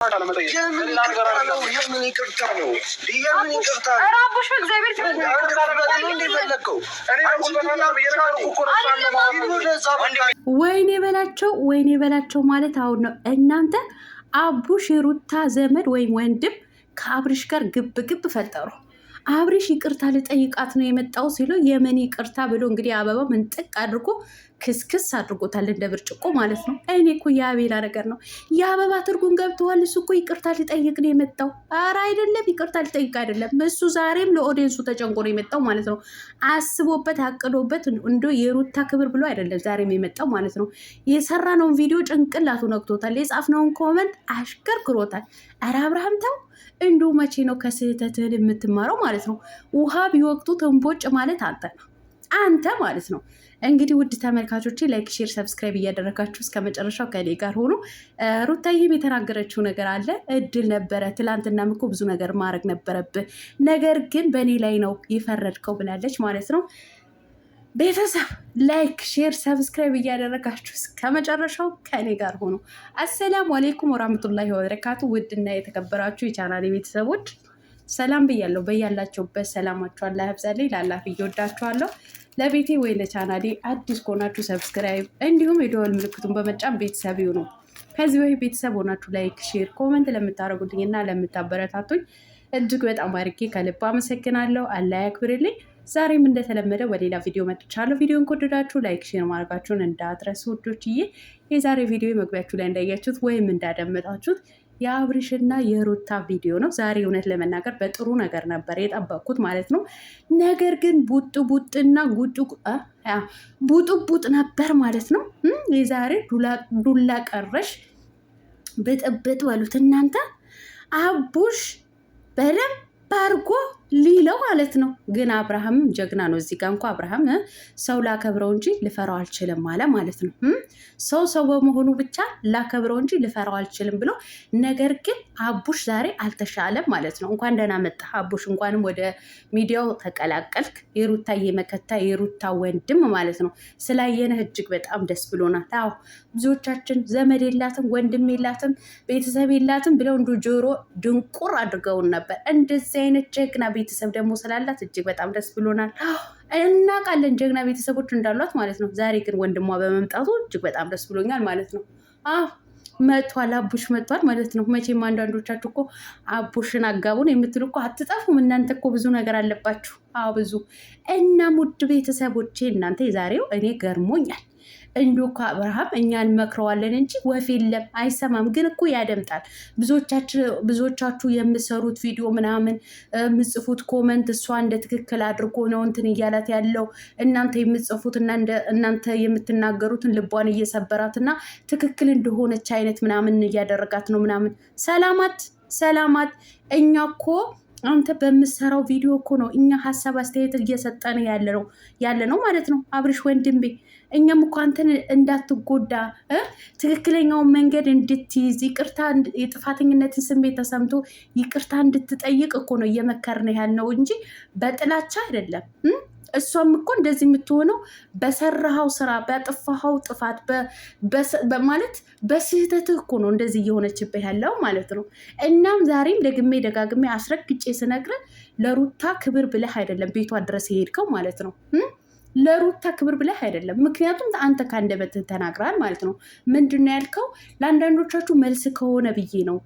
ወይኔ በላቸው ወይኔ በላቸው ማለት አሁን ነው እናንተ። አቡሽ የሩታ ዘመድ ወይም ወንድም ከአብሪሽ ጋር ግብ ግብ ፈጠሩ። አብሪሽ ይቅርታ ልጠይቃት ነው የመጣው ሲሉ የምን ይቅርታ ብሎ እንግዲህ አበባ ምንጥቅ አድርጎ ክስክስ አድርጎታል እንደ ብርጭቆ ማለት ነው። እኔ እኮ የአቤላ ነገር ነው የአበባ ትርጉም ገብተዋል። እሱ እኮ ይቅርታ ሊጠይቅ ነው የመጣው። ኧረ አይደለም ይቅርታ ሊጠይቅ አይደለም። እሱ ዛሬም ለኦዲየንሱ ተጨንቆ ነው የመጣው ማለት ነው። አስቦበት አቅዶበት እንዶ የሩታ ክብር ብሎ አይደለም ዛሬም የመጣው ማለት ነው። የሰራነውን ቪዲዮ ጭንቅላቱ ነግቶታል። የጻፍነውን ኮመንት አሽከርክሮታል። ኧረ አብርሃም ተው እንዶ መቼ ነው ከስህተትህን የምትማረው ማለት ነው። ውሃ ቢወቅቱ ትንቦጭ ማለት አንተ አንተ ማለት ነው። እንግዲህ ውድ ተመልካቾች ላይክ፣ ሼር፣ ሰብስክራይብ እያደረጋችሁ እስከ መጨረሻው ከኔ ጋር ሆኖ ሩታዬም የተናገረችው ነገር አለ። እድል ነበረ፣ ትላንትናም እኮ ብዙ ነገር ማድረግ ነበረብህ፣ ነገር ግን በእኔ ላይ ነው የፈረድከው ብላለች ማለት ነው። ቤተሰብ ላይክ ሼር ሰብስክራይብ እያደረጋችሁ እስከመጨረሻው ከኔ ጋር ሆኖ። አሰላሙ አሌይኩም ወራህመቱላሂ ወበረካቱ። ውድና የተከበራችሁ የቻናሌ ቤተሰቦች ሰላም ብያለሁ። በያላችሁበት ሰላማችኋን ላያብዛልኝ ላላፍ እየወዳችኋለሁ። ለቤቴ ወይ ለቻናሌ አዲስ ከሆናችሁ ሰብስክራይብ እንዲሁም የደወል ምልክቱን በመጫን ቤተሰብ ይሁኑ። ከዚህ በፊት ቤተሰብ ሆናችሁ ላይክ፣ ሼር፣ ኮመንት ለምታደርጉልኝ እና ለምታበረታቱኝ እጅግ በጣም አድርጌ ከልብ አመሰግናለሁ። አላህ ያክብርልኝ። ዛሬም እንደተለመደ በሌላ ቪዲዮ መጥቻለሁ። ቪዲዮን ከወደዳችሁ ላይክ፣ ሼር ማድረጋችሁን እንዳትረሱ ውዶችዬ። የዛሬ ቪዲዮ መግቢያችሁ ላይ እንዳያችሁት ወይም እንዳደመጣችሁት የአብርሽና የሩታ ቪዲዮ ነው። ዛሬ እውነት ለመናገር በጥሩ ነገር ነበር የጠበቅኩት ማለት ነው። ነገር ግን ቡጡ ቡጥና ጉጡ ቡጡ ቡጥ ነበር ማለት ነው። የዛሬ ዱላ ቀረሽ ብጥብጥ በሉት እናንተ አቡሽ በደንብ አድርጎ ሊለው ማለት ነው። ግን አብርሃምም ጀግና ነው። እዚህ ጋር እንኳ አብርሃም ሰው ላከብረው እንጂ ልፈራው አልችልም አለ ማለት ነው። ሰው ሰው በመሆኑ ብቻ ላከብረው እንጂ ልፈራው አልችልም ብሎ ነገር ግን አቡሽ ዛሬ አልተሻለም ማለት ነው። እንኳን ደህና መጣ አቡሽ፣ እንኳንም ወደ ሚዲያው ተቀላቀልክ። የሩታ የመከታ የሩታ ወንድም ማለት ነው። ስላየነህ እጅግ በጣም ደስ ብሎናል። አዎ ብዙዎቻችን ዘመድ የላትም ወንድም የላትም ቤተሰብ የላትም ብለው እንዱ ጆሮ ድንቁር አድርገውን ነበር። እንደዚህ አይነት ጀግና ቤተሰብ ደግሞ ስላላት እጅግ በጣም ደስ ብሎናል። እናውቃለን ጀግና ቤተሰቦች እንዳሏት ማለት ነው። ዛሬ ግን ወንድሟ በመምጣቱ እጅግ በጣም ደስ ብሎኛል ማለት ነው። መቷል፣ አቡሽ መቷል ማለት ነው። መቼም አንዳንዶቻችሁ እኮ አቡሽን አጋቡን የምትሉ እኮ አትጠፉም። እናንተ እኮ ብዙ ነገር አለባችሁ። አዎ ብዙ እና ሙድ ቤተሰቦቼ እናንተ የዛሬው እኔ ገርሞኛል። እንዶ አብርሃም እኛ እንመክረዋለን እንጂ ወፍ የለም አይሰማም። ግን እኮ ያደምጣል። ብዙዎቻችሁ የምሰሩት ቪዲዮ ምናምን የምጽፉት ኮመንት እሷ እንደ ትክክል አድርጎ ነው እንትን እያላት ያለው እናንተ የምጽፉት እናንተ የምትናገሩትን ልቧን እየሰበራት እና ትክክል እንደሆነች አይነት ምናምን እያደረጋት ነው ምናምን ሰላማት ሰላማት እኛ እኮ አንተ በምሰራው ቪዲዮ እኮ ነው እኛ ሀሳብ አስተያየት እየሰጠን ያለ ነው ያለ ነው ማለት ነው። አብርሽ ወንድሜ እኛም እኮ አንተን እንዳትጎዳ ትክክለኛውን መንገድ እንድትይዝ ይቅርታ፣ የጥፋተኝነትን ስሜት ተሰምቶ ይቅርታ እንድትጠይቅ እኮ ነው እየመከርን ነው እንጂ በጥላቻ አይደለም። እሷም እኮ እንደዚህ የምትሆነው በሰራኸው ስራ በጥፋኸው ጥፋት ማለት በስህተትህ እኮ ነው እንደዚህ እየሆነችብህ ያለው ማለት ነው። እናም ዛሬም ደግሜ ደጋግሜ አስረግጬ ስነግረ ለሩታ ክብር ብለህ አይደለም ቤቷ ድረስ የሄድከው ማለት ነው። ለሩታ ክብር ብለህ አይደለም። ምክንያቱም አንተ ከአንደበትህ ተናግራል ማለት ነው። ምንድን ነው ያልከው? ለአንዳንዶቻችሁ መልስ ከሆነ ብዬ ነው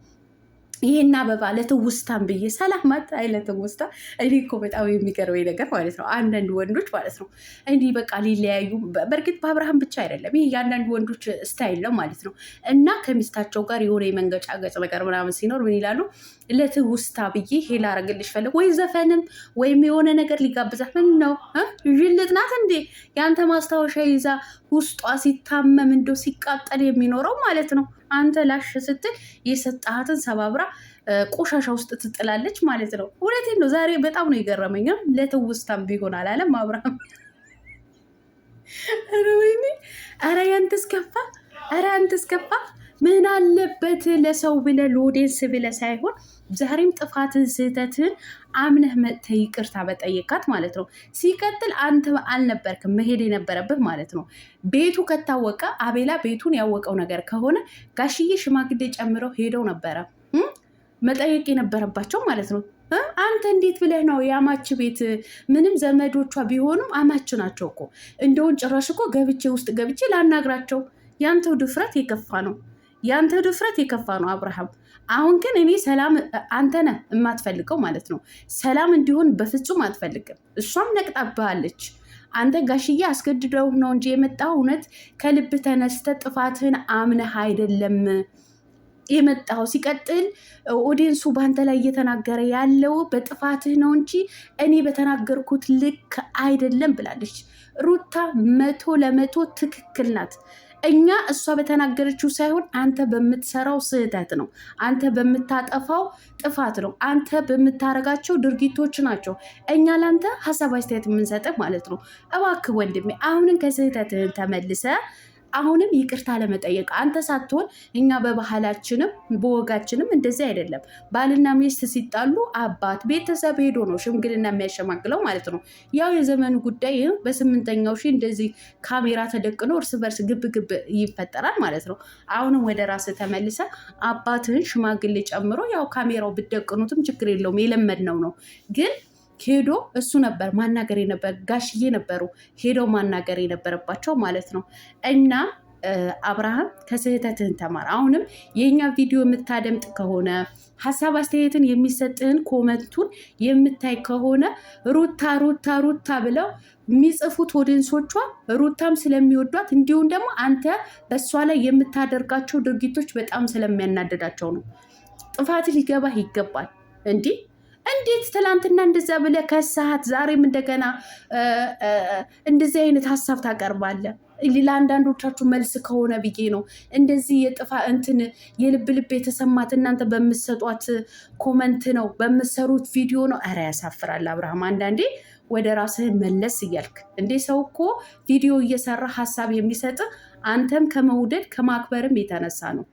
ይሄን አበባ ለትውስታን ብዬ ሰላማት አይ ለትውስታ። እኔ እኮ በጣም የሚገርመኝ ነገር ማለት ነው አንዳንድ ወንዶች ማለት ነው እንዲህ በቃ ሊለያዩ፣ በእርግጥ በአብርሃም ብቻ አይደለም ይሄ የአንዳንድ ወንዶች ስታይል ነው ማለት ነው። እና ከሚስታቸው ጋር የሆነ የመንገጫ ገጽ ነገር ምናምን ሲኖር ምን ይላሉ? ለትውስታ ብዬ ይሄ ላረግልሽ ፈለግ ወይ ዘፈንም ወይም የሆነ ነገር ሊጋብዛት ምን ነው ልጥናት እንዴ የአንተ ማስታወሻ ይዛ ውስጧ ሲታመም እንደው ሲቃጠል የሚኖረው ማለት ነው አንተ ላሽ ስትል የሰጣሃትን ሰባብራ ቆሻሻ ውስጥ ትጥላለች ማለት ነው። እውነቴን ነው። ዛሬ በጣም ነው የገረመኝም ለትውስታም ቢሆን አላለም አብርሃም። ኧረ ወይኔ! ኧረ ያንተስ ከፋ! ኧረ አንተስ ከፋ! ምን አለበት ለሰው ብለ ሎዴንስ ብለ ሳይሆን ዛሬም ጥፋትን ስህተትን አምነህ መጥተህ ይቅርታ በጠየቃት ማለት ነው። ሲቀጥል አንተ አልነበርክም መሄድ የነበረብህ ማለት ነው። ቤቱ ከታወቀ አቤላ ቤቱን ያወቀው ነገር ከሆነ ጋሽዬ ሽማግሌ ጨምረው ሄደው ነበረ መጠየቅ የነበረባቸው ማለት ነው። አንተ እንዴት ብለህ ነው የአማች ቤት ምንም ዘመዶቿ ቢሆኑም አማች ናቸው እኮ እንደውን ጭራሽ እኮ ገብቼ ውስጥ ገብቼ ላናግራቸው። ያንተው ድፍረት የከፋ ነው። የአንተ ድፍረት የከፋ ነው አብርሃም። አሁን ግን እኔ ሰላም አንተ ነህ የማትፈልገው ማለት ነው። ሰላም እንዲሆን በፍጹም አትፈልግም። እሷም ነቅጣብሃለች። አንተ ጋሽዬ አስገድደው ነው እንጂ የመጣው እውነት ከልብ ተነስተ ጥፋትህን አምነህ አይደለም የመጣው ሲቀጥል ኦዲንሱ በአንተ ላይ እየተናገረ ያለው በጥፋትህ ነው እንጂ እኔ በተናገርኩት ልክ አይደለም ብላለች ሩታ። መቶ ለመቶ ትክክል ናት። እኛ እሷ በተናገረችው ሳይሆን አንተ በምትሰራው ስህተት ነው። አንተ በምታጠፋው ጥፋት ነው። አንተ በምታረጋቸው ድርጊቶች ናቸው። እኛ ለአንተ ሀሳብ አስተያየት የምንሰጥህ ማለት ነው። እባክህ ወንድሜ አሁንም ከስህተትህን ተመልሰ አሁንም ይቅርታ ለመጠየቅ አንተ ሳትሆን እኛ በባህላችንም በወጋችንም እንደዚህ አይደለም። ባልና ሚስት ሲጣሉ አባት ቤተሰብ ሄዶ ነው ሽምግልና የሚያሸማግለው ማለት ነው። ያው የዘመኑ ጉዳይ በስምንተኛው ሺህ እንደዚህ ካሜራ ተደቅኖ እርስ በርስ ግብ ግብ ይፈጠራል ማለት ነው። አሁንም ወደ ራስ ተመልሰ አባትህን ሽማግሌ ጨምሮ ያው ካሜራው ብደቅኑትም ችግር የለውም የለመድነው ነው ግን ሄዶ እሱ ነበር ማናገር የነበር ጋሽዬ ነበሩ ሄዶ ማናገር የነበረባቸው ማለት ነው። እና አብርሃም ከስህተትህን ተማር። አሁንም የኛ ቪዲዮ የምታደምጥ ከሆነ ሀሳብ አስተያየትን የሚሰጥህን ኮመንቱን የምታይ ከሆነ ሩታ ሩታ ሩታ ብለው የሚጽፉት ኦዲየንሶቿ ሩታም ስለሚወዷት እንዲሁም ደግሞ አንተ በእሷ ላይ የምታደርጋቸው ድርጊቶች በጣም ስለሚያናደዳቸው ነው። ጥፋት ሊገባህ ይገባል እንዲህ እንዴት ትላንትና እንደዛ ብለ ከሰዓት ዛሬም እንደገና እንደዚህ አይነት ሀሳብ ታቀርባለ ለአንዳንዶቻችሁ መልስ ከሆነ ብዬ ነው እንደዚህ የጥፋ እንትን የልብ ልብ የተሰማት እናንተ በምሰጧት ኮመንት ነው በምሰሩት ቪዲዮ ነው። ኧረ ያሳፍራል። አብርሃም አንዳንዴ ወደ ራስህን መለስ እያልክ እንዴ ሰው እኮ ቪዲዮ እየሰራ ሀሳብ የሚሰጥ አንተም ከመውደድ ከማክበርም የተነሳ ነው።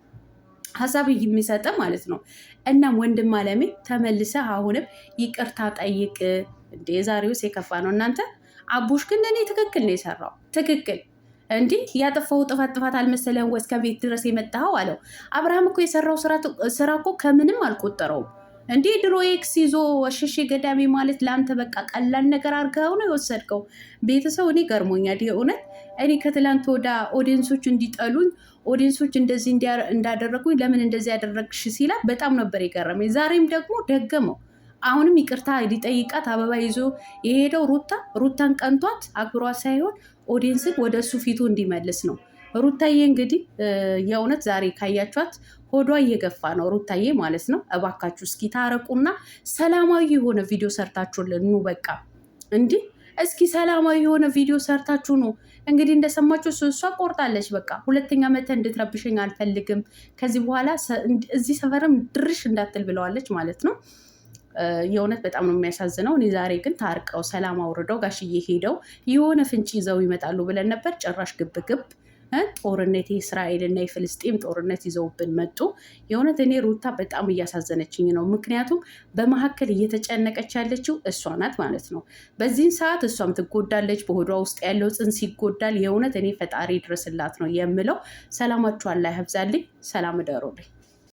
ሀሳብ የሚሰጠ ማለት ነው። እናም ወንድም አለሜ ተመልሰህ አሁንም ይቅርታ ጠይቅ። እንደ የዛሬውስ የከፋ ነው እናንተ። አቡሽ ግን እኔ ትክክል ነው የሰራው ትክክል እንዲህ ያጠፋው ጥፋት ጥፋት አልመሰለህም ወይ እስከ ቤት ድረስ የመጣኸው አለው። አብርሃም እኮ የሰራው ስራ እኮ ከምንም አልቆጠረውም። እንዲህ ድሮ ኤክስ ይዞ ወሸሼ ገዳሚ ማለት ለአንተ በቃ ቀላል ነገር አድርገው ነው የወሰድከው። ቤተሰብ እኔ ገርሞኛል የእውነት እኔ ከትላንት ወዳ ኦዲየንሶች እንዲጠሉኝ ኦዲየንሶች እንደዚህ እንዳደረጉኝ ለምን እንደዚህ ያደረግሽ ሲላ በጣም ነበር የገረመኝ። ዛሬም ደግሞ ደገመው። አሁንም ይቅርታ ሊጠይቃት አበባ ይዞ የሄደው ሩታ ሩታን ቀንቷት አክብሯ ሳይሆን ኦዲየንስን ወደ እሱ ፊቱ እንዲመልስ ነው። ሩታዬ እንግዲህ የእውነት ዛሬ ካያችኋት ሆዷ እየገፋ ነው ሩታዬ ማለት ነው። እባካችሁ እስኪ ታረቁና ሰላማዊ የሆነ ቪዲዮ ሰርታችሁልን ኑ። በቃ እንዲህ እስኪ ሰላማዊ የሆነ ቪዲዮ ሰርታችሁ ኑ። እንግዲህ እንደሰማችሁ እሷ ቆርጣለች። በቃ ሁለተኛ መተ እንድትረብሸኝ አልፈልግም፣ ከዚህ በኋላ እዚህ ሰፈርም ድርሽ እንዳትል ብለዋለች ማለት ነው። የእውነት በጣም ነው የሚያሳዝነው። እኔ ዛሬ ግን ታርቀው ሰላም አውርደው ጋሽዬ ሄደው የሆነ ፍንጭ ይዘው ይመጣሉ ብለን ነበር። ጭራሽ ግብግብ ጦርነት የእስራኤልና የፍልስጤም ጦርነት ይዘውብን መጡ። የእውነት እኔ ሩታ በጣም እያሳዘነችኝ ነው። ምክንያቱም በመካከል እየተጨነቀች ያለችው እሷ ናት ማለት ነው። በዚህን ሰዓት እሷም ትጎዳለች፣ በሆዷ ውስጥ ያለው ጽንስ ይጎዳል። የእውነት እኔ ፈጣሪ ድረስላት ነው የምለው። ሰላማችኋን ላይ ሀብዛልኝ። ሰላም እደሩልኝ።